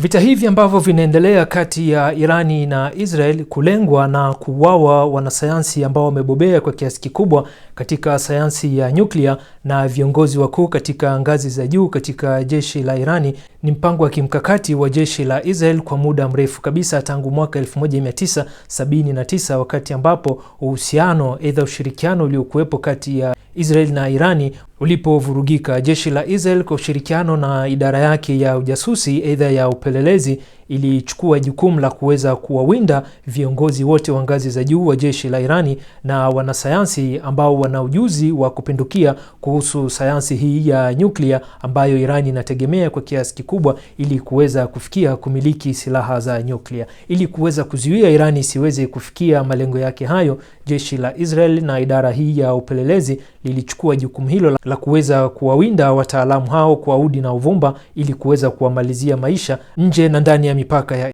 Vita hivi ambavyo vinaendelea kati ya Irani na Israel kulengwa na kuuawa wanasayansi ambao wamebobea kwa kiasi kikubwa katika sayansi ya nyuklia na viongozi wakuu katika ngazi za juu katika jeshi la Irani ni mpango wa kimkakati wa jeshi la Israel kwa muda mrefu kabisa tangu mwaka 1979 wakati ambapo uhusiano, aidha ushirikiano uliokuwepo kati ya Israel na Irani ulipovurugika, jeshi la Israel kwa ushirikiano na idara yake ya ujasusi, aidha ya upelelezi ilichukua jukumu la kuweza kuwawinda viongozi wote wa ngazi za juu wa jeshi la Irani na wanasayansi ambao wana ujuzi wa kupindukia kuhusu sayansi hii ya nyuklia ambayo Irani inategemea kwa kiasi kikubwa ili kuweza kufikia kumiliki silaha za nyuklia. Ili kuweza kuzuia Irani isiweze kufikia malengo yake hayo, jeshi la Israel na idara hii ya upelelezi lilichukua jukumu hilo la kuweza kuwawinda wataalamu hao kwa udi na uvumba ili kuweza kuwamalizia maisha nje na ndani ya mipaka ya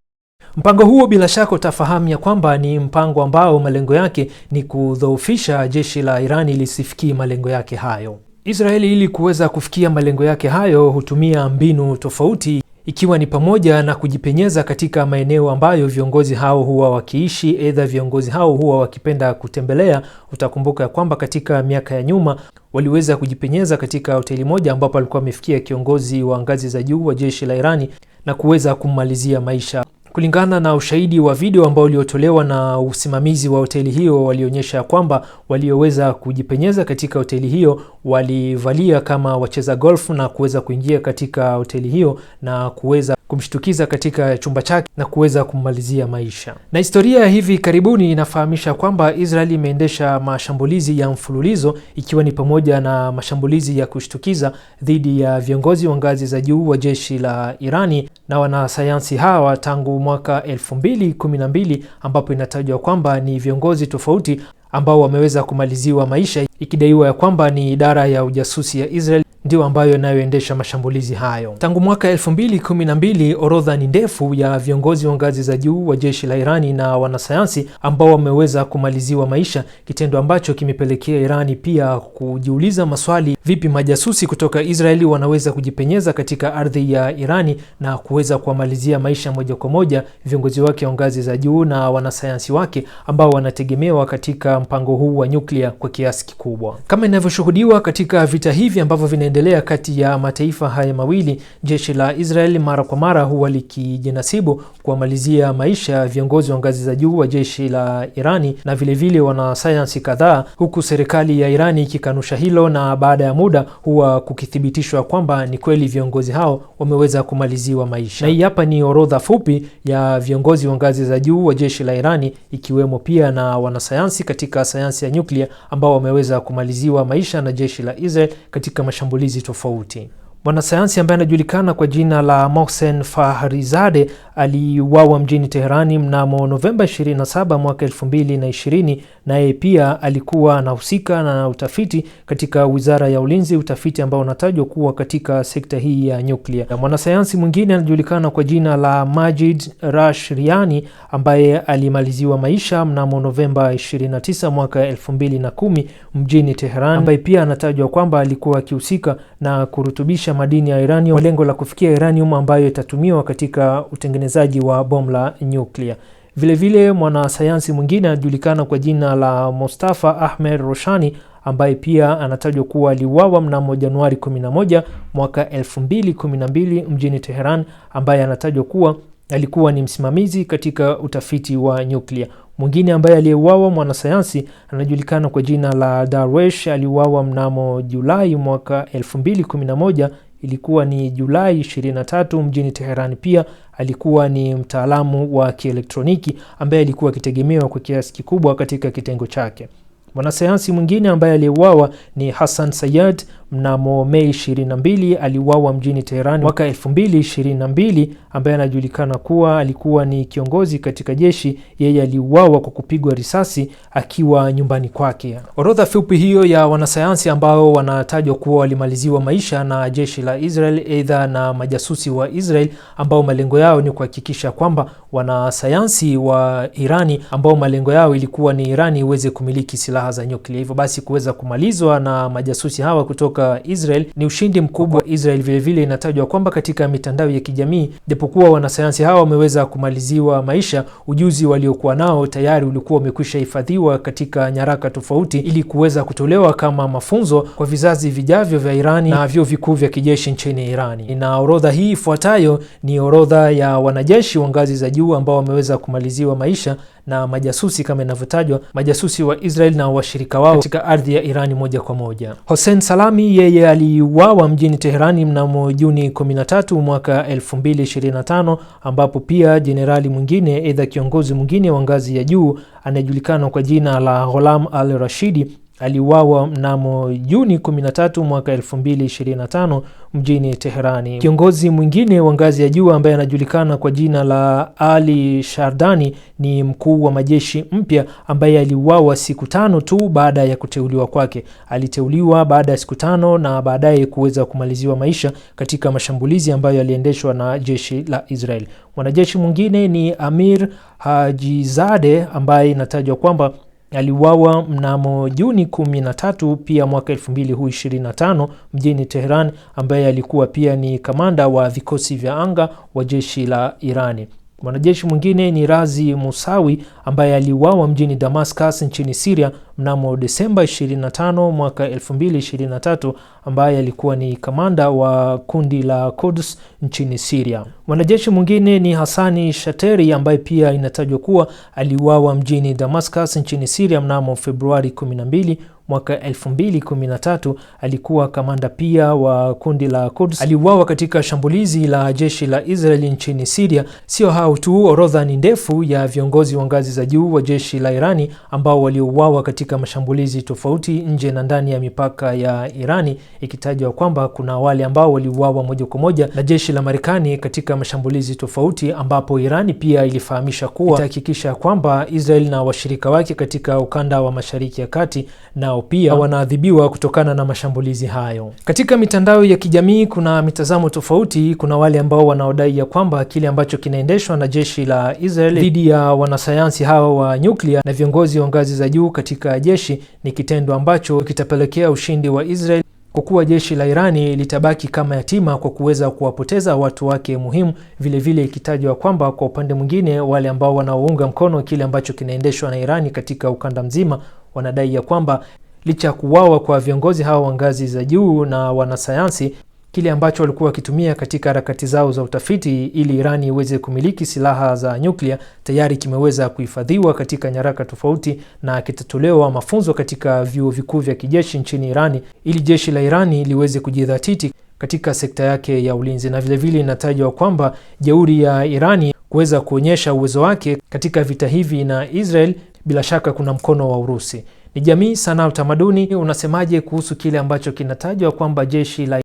Mpango huo bila shaka utafahamu ya kwamba ni mpango ambao malengo yake ni kudhoofisha jeshi la Irani lisifikie malengo yake hayo. Israeli ili kuweza kufikia malengo yake hayo hutumia mbinu tofauti ikiwa ni pamoja na kujipenyeza katika maeneo ambayo viongozi hao huwa wakiishi, aidha viongozi hao huwa wakipenda kutembelea. Utakumbuka ya kwamba katika miaka ya nyuma waliweza kujipenyeza katika hoteli moja ambapo alikuwa amefikia kiongozi wa ngazi za juu wa jeshi la Irani na kuweza kummalizia maisha. Kulingana na ushahidi wa video ambao uliotolewa na usimamizi wa hoteli hiyo, walionyesha kwamba walioweza kujipenyeza katika hoteli hiyo walivalia kama wacheza golf na kuweza kuingia katika hoteli hiyo na kuweza kumshtukiza katika chumba chake na kuweza kummalizia maisha. Na historia ya hivi karibuni inafahamisha kwamba Israel imeendesha mashambulizi ya mfululizo ikiwa ni pamoja na mashambulizi ya kushtukiza dhidi ya viongozi wa ngazi za juu wa jeshi la Irani na wanasayansi hawa tangu mwaka 2012 ambapo inatajwa kwamba ni viongozi tofauti ambao wameweza kumaliziwa maisha ikidaiwa ya kwamba ni idara ya ujasusi ya Israel ndiyo ambayo yanayoendesha mashambulizi hayo. Tangu mwaka 2012 orodha ni ndefu ya viongozi wa ngazi za juu wa jeshi la Irani na wanasayansi ambao wameweza kumaliziwa maisha, kitendo ambacho kimepelekea Irani pia kujiuliza maswali, vipi majasusi kutoka Israeli wanaweza kujipenyeza katika ardhi ya Irani na kuweza kuwamalizia maisha moja kwa moja viongozi wake wa ngazi za juu na wanasayansi wake ambao wanategemewa katika mpango huu wa nyuklia kwa kiasi kikubwa, kama inavyoshuhudiwa katika vita hivi ambavyo vina unaoendelea kati ya mataifa haya mawili, jeshi la Israel mara kwa mara huwa likijinasibu kuwamalizia maisha ya viongozi wa ngazi za juu wa jeshi la Irani na vilevile wanasayansi kadhaa, huku serikali ya Irani ikikanusha hilo, na baada ya muda huwa kukithibitishwa kwamba ni kweli viongozi hao wameweza kumaliziwa maisha. Na hii hapa ni orodha fupi ya viongozi wa ngazi za juu wa jeshi la Irani, ikiwemo pia na wanasayansi katika sayansi ya nyuklia ambao wameweza kumaliziwa maisha na jeshi la Israel katika mashambulio hizi tofauti. Mwanasayansi ambaye anajulikana kwa jina la Mohsen fahrizade aliuawa mjini Teherani mnamo Novemba 27 mwaka 2020. Naye pia alikuwa anahusika na utafiti katika Wizara ya Ulinzi, utafiti ambao unatajwa kuwa katika sekta hii ya nyuklia. Mwanasayansi mwingine anajulikana kwa jina la Majid Rashriani ambaye alimaliziwa maisha mnamo Novemba 29 mwaka 2010 mjini Teherani, ambaye pia anatajwa kwamba alikuwa akihusika na kurutubisha madini ya uranium kwa lengo la kufikia uranium ambayo itatumiwa katika utengenezaji wa bomu la nyuklia. Vilevile, mwanasayansi mwingine anajulikana kwa jina la Mustafa Ahmed Roshani ambaye pia anatajwa kuwa aliuawa mnamo Januari 11 mwaka 2012 mjini Teheran, ambaye anatajwa kuwa alikuwa ni msimamizi katika utafiti wa nyuklia. Mwingine ambaye aliyeuawa mwanasayansi anajulikana kwa jina la Darwesh, aliuawa mnamo Julai mwaka 2011 ilikuwa ni Julai 23 mjini Teheran. Pia alikuwa ni mtaalamu wa kielektroniki ambaye alikuwa akitegemewa kwa kiasi kikubwa katika kitengo chake. Mwanasayansi mwingine ambaye aliuawa ni Hassan Sayyad mnamo Mei 22 aliuawa mjini Teheran mwaka 2022, ambaye anajulikana kuwa alikuwa ni kiongozi katika jeshi. Yeye aliuawa kwa kupigwa risasi akiwa nyumbani kwake. Orodha fupi hiyo ya wanasayansi ambao wanatajwa kuwa walimaliziwa maisha na jeshi la Israel, aidha na majasusi wa Israel ambao malengo yao ni kuhakikisha kwamba wanasayansi wa Irani ambao malengo yao ilikuwa ni Irani iweze kumiliki silaha za nyuklia, hivyo basi kuweza kumalizwa na majasusi hawa kutoka kwa Israel ni ushindi mkubwa wa Israel. Vilevile inatajwa kwamba katika mitandao ya kijamii, japokuwa wanasayansi hawa wameweza kumaliziwa maisha, ujuzi waliokuwa nao tayari ulikuwa umekwisha hifadhiwa katika nyaraka tofauti ili kuweza kutolewa kama mafunzo kwa vizazi vijavyo vya Irani na vyuo vikuu vya kijeshi nchini Irani. Na orodha hii ifuatayo ni orodha ya wanajeshi wa ngazi za juu ambao wameweza kumaliziwa maisha na majasusi kama inavyotajwa, majasusi wa Israel na washirika wao katika ardhi ya Irani moja kwa moja. Hossein Salami yeye aliuawa mjini Teherani mnamo Juni 13 mwaka 2025, ambapo pia jenerali mwingine, aidha kiongozi mwingine wa ngazi ya juu anayejulikana kwa jina la Ghulam al-Rashidi aliuawa mnamo Juni 13 mwaka 2025 mjini Teherani. Kiongozi mwingine wa ngazi ya juu ambaye anajulikana kwa jina la Ali Shardani ni mkuu wa majeshi mpya ambaye aliuawa siku tano tu baada ya kuteuliwa kwake. Aliteuliwa baada ya siku tano na baadaye kuweza kumaliziwa maisha katika mashambulizi ambayo yaliendeshwa na jeshi la Israel. Mwanajeshi mwingine ni Amir Hajizade ambaye inatajwa kwamba aliuawa mnamo Juni 13 pia mwaka 2025 mjini Tehran, ambaye alikuwa pia ni kamanda wa vikosi vya anga wa jeshi la Irani. Mwanajeshi mwingine ni Razi Musawi ambaye aliuawa mjini Damascus nchini Syria mnamo Desemba 25 mwaka 2023, ambaye alikuwa ni kamanda wa kundi la Quds nchini Syria. Mwanajeshi mwingine ni Hasani Shateri ambaye pia inatajwa kuwa aliuawa mjini Damascus nchini Syria mnamo Februari 12 mwaka 2013 alikuwa kamanda pia wa kundi la Quds. Aliuawa katika shambulizi la jeshi la Israeli nchini Syria. Sio hao tu, orodha ni ndefu ya viongozi wa ngazi za juu wa jeshi la Irani ambao waliouawa katika mashambulizi tofauti nje na ndani ya mipaka ya Irani, ikitajwa kwamba kuna wale ambao waliuawa moja kwa moja na jeshi la Marekani katika mashambulizi tofauti, ambapo Irani pia ilifahamisha kuwa itahakikisha kwamba Israel na washirika wake katika ukanda wa Mashariki ya Kati na nao pia wanaadhibiwa kutokana na mashambulizi hayo. Katika mitandao ya kijamii kuna mitazamo tofauti. Kuna wale ambao wanaodai ya kwamba kile ambacho kinaendeshwa na jeshi la Israel dhidi ya wanasayansi hawa wa nyuklia na viongozi wa ngazi za juu katika jeshi ni kitendo ambacho kitapelekea ushindi wa Israel kwa kuwa jeshi la Irani litabaki kama yatima kwa kuweza kuwapoteza watu wake muhimu, vilevile ikitajwa kwamba kwa upande mwingine wale ambao wanaounga mkono kile ambacho kinaendeshwa na Irani katika ukanda mzima wanadai ya kwamba licha ya kuwawa kwa viongozi hawa wa ngazi za juu na wanasayansi, kile ambacho walikuwa wakitumia katika harakati zao za utafiti ili Irani iweze kumiliki silaha za nyuklia tayari kimeweza kuhifadhiwa katika nyaraka tofauti na kitatolewa mafunzo katika vyuo vikuu vya kijeshi nchini Irani ili jeshi la Irani liweze kujidhatiti katika sekta yake ya ulinzi. Na vilevile inatajwa kwamba jeuri ya Irani kuweza kuonyesha uwezo wake katika vita hivi na Israel, bila shaka kuna mkono wa Urusi ni jamii, sanaa, utamaduni. Unasemaje kuhusu kile ambacho kinatajwa kwamba jeshi la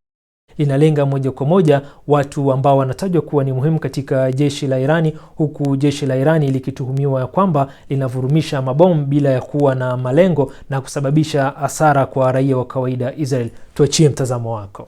linalenga moja kwa moja watu ambao wanatajwa kuwa ni muhimu katika jeshi la Irani, huku jeshi la Irani likituhumiwa kwamba linavurumisha mabomu bila ya kuwa na malengo na kusababisha hasara kwa raia wa kawaida Israel. Tuachie mtazamo wako.